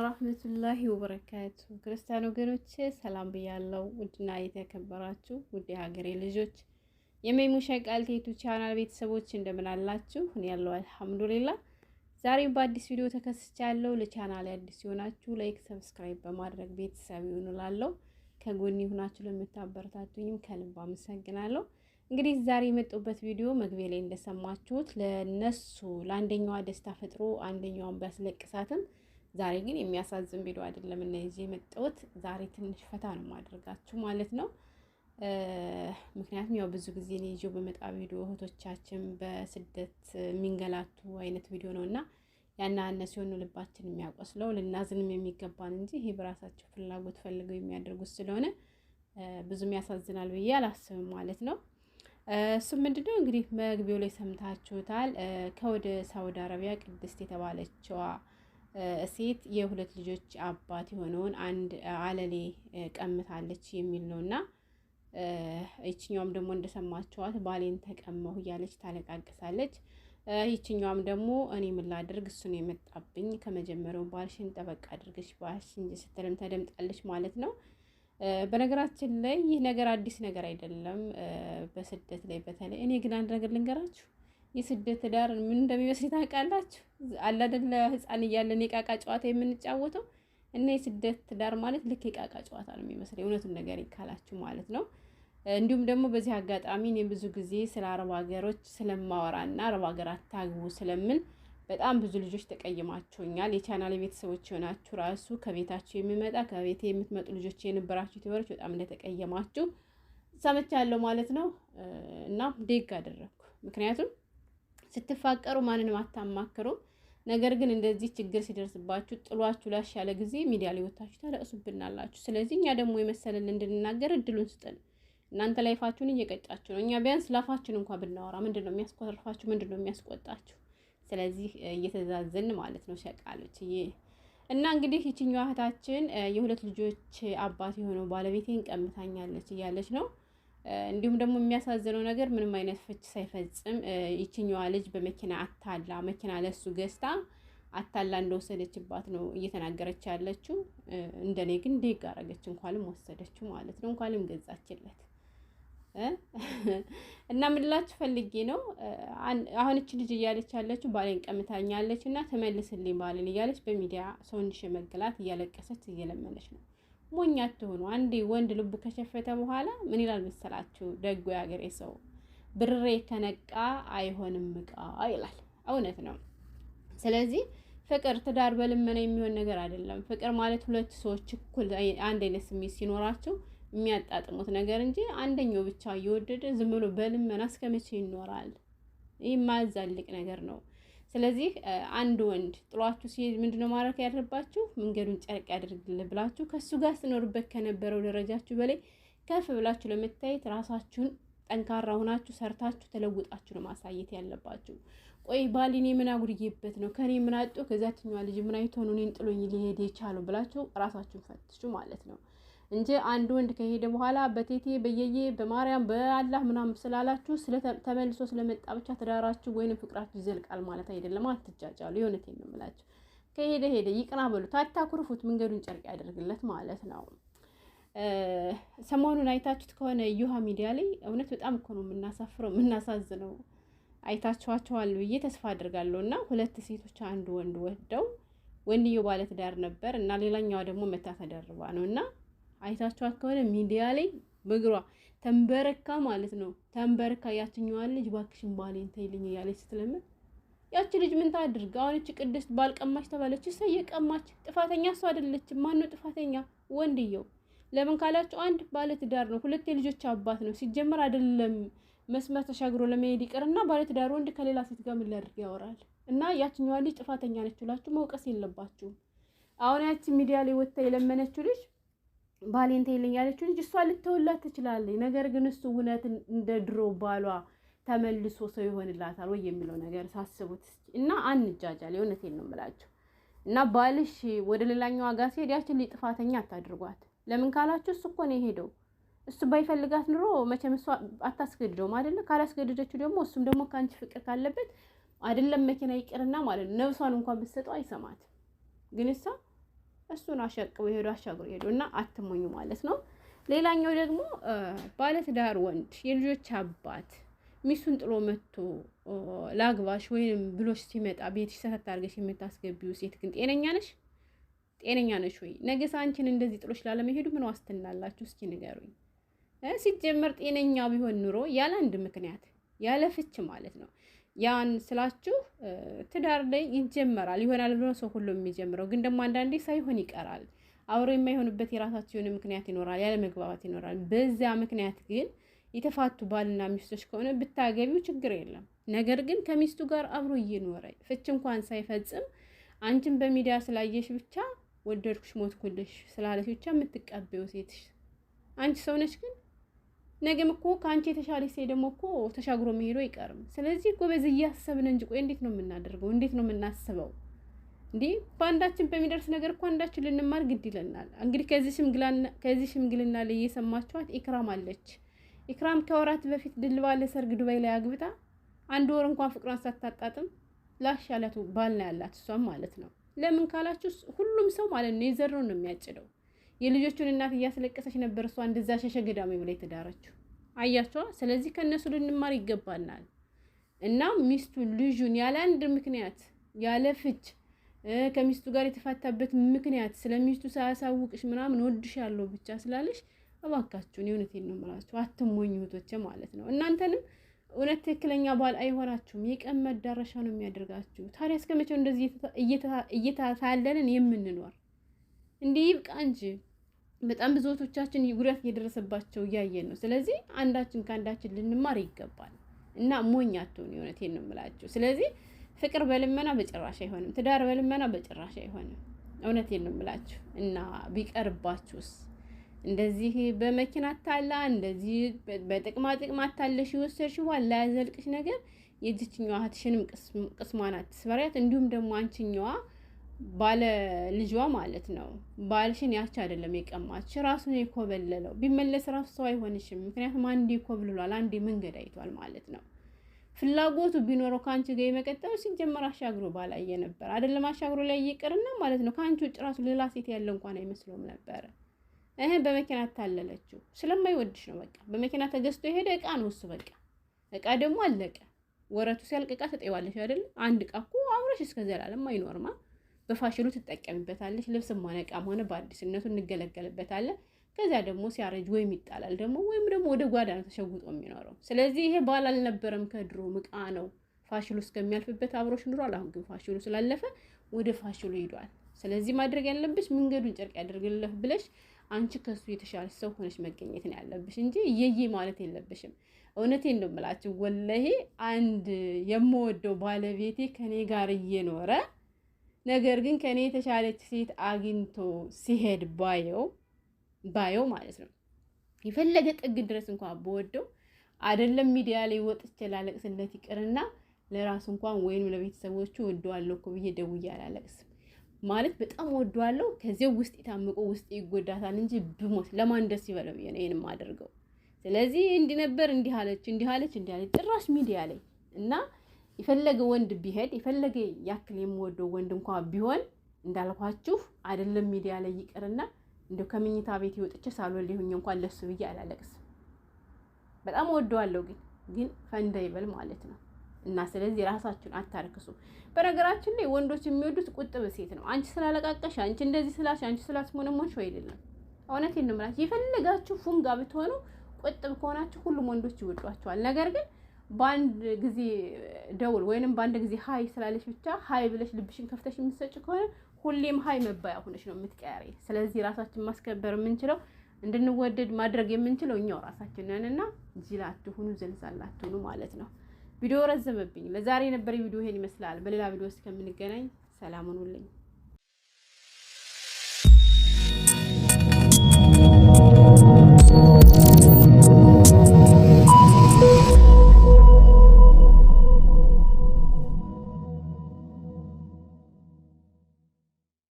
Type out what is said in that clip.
ወራህመቱላሂ ወበረካቱ። ክርስቲያን ወገኖች ሰላም ብያለው። ውድና የተከበራችሁ ውድ የሀገሬ ልጆች የሜሙሻ ቃል ከዩቱብ ቻናል ቤተሰቦች እንደምን አላችሁ? እኔ ያለው አልሐምዱሊላ። ዛሬም በአዲስ ቪዲዮ ተከስቻለሁ። ለቻናል አዲስ የሆናችሁ ላይክ፣ ሰብስክራይብ በማድረግ ቤተሰብ ይሁኑላለሁ። ከጎኔ ሆናችሁ ለምታበረታቱኝም ከልብ አመሰግናለሁ። እንግዲህ ዛሬ የመጡበት ቪዲዮ መግቢያ ላይ እንደሰማችሁት ለነሱ ለአንደኛዋ ደስታ ፈጥሮ አንደኛዋን ቢያስለቅሳትም ዛሬ ግን የሚያሳዝን ቪዲዮ አይደለም እና ይዤ የመጣሁት ዛሬ ትንሽ ፈታ ነው ማድረጋችሁ ማለት ነው። ምክንያቱም ያው ብዙ ጊዜ እኔ ይዤው በመጣ ቪዲዮ እህቶቻችን በስደት የሚንገላቱ አይነት ቪዲዮ ነው እና ያና እነሱ የሆኑ ልባችን የሚያቆስለው ልናዝንም የሚገባን እንጂ ይሄ በራሳቸው ፍላጎት ፈልገው የሚያደርጉት ስለሆነ ብዙም ያሳዝናል ብዬ አላስብም ማለት ነው። እሱም ምንድነው እንግዲህ መግቢያው ላይ ሰምታችሁታል። ከወደ ሳውዲ አረቢያ ቅድስት የተባለችዋ ሴት የሁለት ልጆች አባት የሆነውን አንድ አለሌ ቀምታለች የሚል ነው እና ይችኛዋም ደግሞ እንደሰማችኋት ባሌን ተቀመሁ እያለች ታለቃቅሳለች። ይችኛዋም ደግሞ እኔ ምን ላድርግ እሱ ነው የመጣብኝ፣ ከመጀመሪያው ባልሽን ጠበቅ አድርገሽ ባልሽን ስትልም ተደምጣለች ማለት ነው። በነገራችን ላይ ይህ ነገር አዲስ ነገር አይደለም፣ በስደት ላይ በተለይ። እኔ ግን አንድ ነገር ልንገራችሁ የስደት ዳር ምን እንደሚመስል ታውቃላችሁ? አላደለ ህፃን እያለን የቃቃ ጨዋታ የምንጫወተው እና የስደት ዳር ማለት ልክ የቃቃ ጨዋታ ነው የሚመስለው የእውነቱን ነገር ይካላችሁ ማለት ነው። እንዲሁም ደግሞ በዚህ አጋጣሚ እኔ ብዙ ጊዜ ስለ አረብ ሀገሮች ስለማወራ ስለማወራና አረብ ሀገር አታግቡ ስለምን በጣም ብዙ ልጆች ተቀይማችሁኛል። የቻናል ቤተሰቦች የሆናችሁ ራሱ ከቤታችሁ የሚመጣ ከቤት የምትመጡ ልጆች የነበራችሁ ዩቲዩበሮች በጣም እንደተቀየማችሁ ሰምቻለሁ ማለት ነው እና ዴግ አደረግኩ ምክንያቱም ስትፋቀሩ ማንንም አታማክሩም። ነገር ግን እንደዚህ ችግር ሲደርስባችሁ ጥሏችሁ ላሽ ያለ ጊዜ ሚዲያ ላይ ወታችሁ ታለቅሱብናላችሁ። ስለዚህ እኛ ደግሞ የመሰለን እንድንናገር እድሉን ስጥን። እናንተ ላይፋችሁን እየቀጫችሁ ነው። እኛ ቢያንስ ላፋችን እንኳ ብናወራ ምንድን ነው የሚያስኮርፋችሁ? ምንድን ነው የሚያስቆጣችሁ? ስለዚህ እየተዛዘን ማለት ነው ሸቃሎች እና እንግዲህ ይችኛዋ እህታችን የሁለት ልጆች አባት የሆነው ባለቤቴን ቀምታኛለች እያለች ነው እንዲሁም ደግሞ የሚያሳዝነው ነገር ምንም አይነት ፍች ሳይፈጽም ይችኛዋ ልጅ በመኪና አታላ መኪና ለሱ ገዝታ አታላ እንደወሰደችባት ነው እየተናገረች ያለችው። እንደኔ ግን ዴግ አረገች፣ እንኳንም ወሰደችው ማለት ነው፣ እንኳንም ገዛችለት። እና ምንላችሁ ፈልጌ ነው አሁንች ልጅ እያለች ያለችው ባሌን ቀምታኛለች እና ተመልስልኝ ባሌን እያለች በሚዲያ ሰውንሽ መገላት እያለቀሰች እየለመነች ነው። ሞኝ አትሆኑ። አንዴ ወንድ ልቡ ከሸፈተ በኋላ ምን ይላል መሰላችሁ? ደጎ የሀገሬ ሰው ብሬ ከነቃ አይሆንም እቃ ይላል። እውነት ነው። ስለዚህ ፍቅር ትዳር በልመና የሚሆን ነገር አይደለም። ፍቅር ማለት ሁለት ሰዎች እኩል አንድ አይነት ስሜት ሲኖራቸው የሚያጣጥሙት ነገር እንጂ አንደኛው ብቻ እየወደደ ዝም ብሎ በልመና እስከ መቼ ይኖራል? ይህ ማዛልቅ ነገር ነው። ስለዚህ አንድ ወንድ ጥሏችሁ ሲሄድ ምንድነው ማድረግ ያለባችሁ? መንገዱን ጨርቅ ያደርግልን ብላችሁ ከእሱ ጋር ስኖርበት ከነበረው ደረጃችሁ በላይ ከፍ ብላችሁ ለመታየት ራሳችሁን ጠንካራ ሆናችሁ ሰርታችሁ ተለውጣችሁ ነው ማሳየት ያለባችሁ። ቆይ ባል እኔ ምን አጉድዬበት ነው ከኔ ምን አጡ ከዛችኛዋ ልጅ ምን አይቶ ነው እኔን ጥሎኝ ሊሄድ የቻለው ብላችሁ ራሳችሁን ፈትሹ ማለት ነው። እንጂ አንድ ወንድ ከሄደ በኋላ በቴቴ በየዬ በማርያም በአላህ ምናምን ስላላችሁ ተመልሶ ስለመጣ ብቻ ትዳራችሁ ወይንም ፍቅራችሁ ይዘልቃል ማለት አይደለም። አትጃጃሉ። የእውነት የምምላችሁ ከሄደ ሄደ ይቅና በሉት፣ አታኩርፉት። መንገዱን ጨርቅ ያደርግለት ማለት ነው። ሰሞኑን አይታችሁት ከሆነ ዩሃ ሚዲያ ላይ እውነት በጣም እኮ ነው የምናሳፍረው የምናሳዝነው። አይታችኋቸዋል ብዬ ተስፋ አድርጋለሁ። እና ሁለት ሴቶች አንድ ወንድ ወደው ወንድየው ባለትዳር ነበር እና ሌላኛዋ ደግሞ መታ ተደርባ ነው እና አይታችኋት ከሆነ ሚዲያ ላይ በእግሯ ተንበረካ ማለት ነው። ተንበረካ ያችኛዋን ልጅ ባክሽን ባሌን ተይልኝ እያለች ስትለምን ያቺ ልጅ ምን ታድርግ? አሁንች ቅድስት ባልቀማች ተባለች። እሰየቀማች ጥፋተኛ እሷ አይደለች። ማን ነው ጥፋተኛ? ወንድየው። ለምን ካላችሁ አንድ ባለትዳር ነው፣ ሁለት የልጆች አባት ነው። ሲጀመር አይደለም መስመር ተሻግሮ ለመሄድ ይቅርና ባለትዳር ወንድ ከሌላ ሴት ጋር ምን ሊያደርግ ያወራል? እና ያችኛዋ ልጅ ጥፋተኛ ነች ብላችሁ መውቀስ የለባችሁም። አሁን ያቺ ሚዲያ ላይ ወጥታ የለመነችው ልጅ ባሌን ተይልኝ ያለችው ልጅ እሷ ልትወላት ትችላለች። ነገር ግን እሱ እውነት እንደ ድሮ ባሏ ተመልሶ ሰው ይሆንላታል ወይ የሚለው ነገር ሳስቡት እና አንጃጃል። የእውነቴን ነው የምላቸው እና ባልሽ ወደ ሌላኛው ዋጋ ሲሄድ ያችን ልጅ ጥፋተኛ አታድርጓት። ለምን ካላችሁ እሱ እኮ ነው የሄደው። እሱ ባይፈልጋት ኑሮ መቼም እሱ አታስገድደውም አይደለ? ካላስገድደችው ደግሞ እሱም ደግሞ ከአንቺ ፍቅር ካለበት አይደለም መኪና ይቅርና ማለት ነው ነብሷን እንኳን ብትሰጠው አይሰማት ግን እሷ እሱን አሸቅበው ይሄዱ አሻግሮ ሄዱ እና አትሞኙ ማለት ነው። ሌላኛው ደግሞ ባለትዳር ወንድ የልጆች አባት ሚስቱን ጥሎ መጥቶ ላግባሽ ወይንም ብሎሽ ሲመጣ ቤትሽ ሰተት አድርገሽ የምታስገቢው ሴት ግን ጤነኛ ነሽ? ጤነኛ ነሽ ወይ? ነገስ አንቺን እንደዚህ ጥሎሽ ላለመሄዱ ምን ዋስትና አላችሁ? እስኪ ንገሩኝ። ሲጀመር ጤነኛ ቢሆን ኑሮ ያለ አንድ ምክንያት ያለ ፍች ማለት ነው ያን ስላችሁ ትዳር ላይ ይጀመራል ይሆናል ብሎ ሰው ሁሉ የሚጀምረው ግን ደግሞ አንዳንዴ ሳይሆን ይቀራል። አብሮ የማይሆንበት የራሳቸው የሆነ ምክንያት ይኖራል፣ ያለ መግባባት ይኖራል። በዛ ምክንያት ግን የተፋቱ ባልና ሚስቶች ከሆነ ብታገቢው ችግር የለም። ነገር ግን ከሚስቱ ጋር አብሮ እየኖረ ፍች እንኳን ሳይፈጽም አንቺን በሚዲያ ስላየሽ ብቻ ወደድኩሽ ሞትኩልሽ ስላለሽ ብቻ የምትቀበዩ ሴትሽ አንቺ ሰውነች ግን ነገም እኮ ከአንቺ የተሻለ ሴ ደግሞ እኮ ተሻግሮ መሄዱ አይቀርም። ስለዚህ ጎበዝ እያሰብን እንጂ ቆይ እንዴት ነው የምናደርገው? እንዴት ነው የምናስበው? እንዲህ በአንዳችን በሚደርስ ነገር እኮ አንዳችን ልንማር ግድ ይለናል። እንግዲህ ከዚህ ሽምግልና ላይ እየሰማችኋት ኢክራም አለች። ኢክራም ከወራት በፊት ድል ባለ ሰርግ ዱባይ ላይ አግብታ አንድ ወር እንኳን ፍቅሯን ሳታጣጥም ላሽ ያላት ባል ነው ያላት እሷም ማለት ነው። ለምን ካላችሁ ሁሉም ሰው ማለት ነው የዘረውን ነው የሚያጭደው የልጆቹን እናት እያስለቀሰች ነበር። እሷ እንደዛ ሸሸ ገዳሚ ብላ የተዳረችው አያቸዋ። ስለዚህ ከእነሱ ልንማር ይገባናል። እና ሚስቱን ልጁን ያለ አንድ ምክንያት ያለ ፍች ከሚስቱ ጋር የተፋታበት ምክንያት ስለ ሚስቱ ሳያሳውቅሽ ምናምን ወድሻለሁ ብቻ ስላለሽ እባካችሁን የእውነቴን ነው የምላችሁ፣ አትሞኝ እህቶቼ ማለት ነው። እናንተንም እውነት ትክክለኛ ባል አይሆናችሁም፣ የቀን መዳረሻ ነው የሚያደርጋችሁ። ታዲያ እስከመቸው እንደዚህ እየታታለንን የምንኖር እንዲህ ይብቃ እንጂ። በጣም ብዙዎቻችን ጉዳት እየደረሰባቸው እያየን ነው። ስለዚህ አንዳችን ከአንዳችን ልንማር ይገባል እና ሞኝ አትሁኑ። የእውነቴን ነው የምላችሁ። ስለዚህ ፍቅር በልመና በጭራሽ አይሆንም። ትዳር በልመና በጭራሽ አይሆንም። እውነቴን ነው የምላችሁ እና ቢቀርባችሁስ እንደዚህ በመኪና አታላ እንደዚህ በጥቅማ ጥቅም አታለሽ የወሰድሽው ላያዘልቅሽ ነገር የዚችኛዋ እህትሽንም ቅስሟን አትስበሪያት። እንዲሁም ደግሞ አንችኛዋ ባለ ልጇ ማለት ነው። ባልሽን ያች አይደለም የቀማች ራሱን የኮበለለው ቢመለስ ራሱ ሰው አይሆንሽም። ምክንያቱም አንዴ ኮብልሏል፣ አንዴ መንገድ አይቷል ማለት ነው። ፍላጎቱ ቢኖረው ከአንቺ ጋር የመቀጠሉ ሲጀመር አሻግሮ ባላየ ነበር አይደለም። አሻግሮ ላይ እየቀርና ማለት ነው ከአንቺ ውጭ ራሱ ሌላ ሴት ያለ እንኳን አይመስለውም ነበረ። እህ በመኪና ታለለችው ስለማይወድሽ ነው። በቃ በመኪና ተገዝቶ የሄደ እቃ ነው እሱ። በቃ እቃ ደግሞ አለቀ። ወረቱ ሲያልቅ እቃ ትጠይዋለሽ አይደለም። አንድ እቃ እኮ አብረሽ እስከ ዘላለም አይኖርማ በፋሽኑ ትጠቀሚበታለች። ልብስ ማነቃም ሆነ በአዲስነቱ እንገለገልበታለን። ከዚያ ደግሞ ሲያረጅ ወይም ይጣላል ደግሞ ወይም ደግሞ ወደ ጓዳ ነው ተሸጉጦ የሚኖረው። ስለዚህ ይሄ ባል አልነበረም ከድሮ እቃ ነው። ፋሽኑ እስከሚያልፍበት አብሮሽ ኑሯል። አሁን ግን ፋሽኑ ስላለፈ ወደ ፋሽኑ ሂዷል። ስለዚህ ማድረግ ያለብሽ መንገዱን ጨርቅ ያደርግልህ ብለሽ አንቺ ከሱ የተሻለች ሰው ሆነች መገኘት ነው ያለብሽ እንጂ የየ ማለት የለብሽም። እውነቴ እንደምላችሁ ወለሄ አንድ የምወደው ባለቤቴ ከኔ ጋር እየኖረ ነገር ግን ከኔ የተሻለች ሴት አግኝቶ ሲሄድ ባየው ባየው ማለት ነው የፈለገ ጥግ ድረስ እንኳን በወደው አይደለም ሚዲያ ላይ ወጥቼ ላለቅስለት ይቅርና ለራሱ እንኳን ወይም ለቤተሰቦቹ ወደዋለሁ እኮ ብዬ ደውዬ አላለቅስም። ማለት በጣም ወደዋለሁ። ከዚያው ውስጥ የታምቆ ውስጥ ይጎዳታል እንጂ ብሞት ለማን ደስ ይበለው ብዬ ነው ይህን የማደርገው። ስለዚህ እንዲህ ነበር፣ እንዲህ አለች፣ እንዲህ አለች፣ እንዲህ አለች ጭራሽ ሚዲያ ላይ እና የፈለገ ወንድ ቢሄድ የፈለገ ያክል የምወደው ወንድ እንኳ ቢሆን እንዳልኳችሁ አይደለም ሚዲያ ላይ ይቅርና እንደ ከመኝታ ቤት ወጥቼ ሳሎን ሊሆኝ እንኳን ለሱ ብዬ አላለቅስም። በጣም ወደዋለሁ፣ ግን ግን ፈንዳ ይበል ማለት ነው። እና ስለዚህ ራሳችሁን አታርክሱ። በነገራችን ላይ ወንዶች የሚወዱት ቁጥብ ሴት ነው። አንቺ ስላለቃቀሽ፣ አንቺ እንደዚህ ስላልሽ፣ አንቺ ስላስሞነሞንሽ አይደለም። እውነቴን ነው የምላችሁ። የፈለጋችሁ ፉንጋ ብትሆኑ ቁጥብ ከሆናችሁ ሁሉም ወንዶች ይወዷቸዋል። ነገር ግን በአንድ ጊዜ ደውል ወይንም በአንድ ጊዜ ሀይ ስላለች ብቻ ሀይ ብለሽ ልብሽን ከፍተሽ የምትሰጭ ከሆነ ሁሌም ሀይ መባያ ሆነች ነው የምትቀያሪ። ስለዚህ ራሳችን ማስከበር የምንችለው እንድንወደድ ማድረግ የምንችለው እኛው ራሳችን ነን እና ጅል አትሁኑ፣ ዘልዛላ አትሁኑ ማለት ነው። ቪዲዮ ረዘመብኝ። ለዛሬ የነበረ ቪዲዮ ይሄን ይመስላል። በሌላ ቪዲዮ እስከምንገናኝ ሰላም ሁኑልኝ።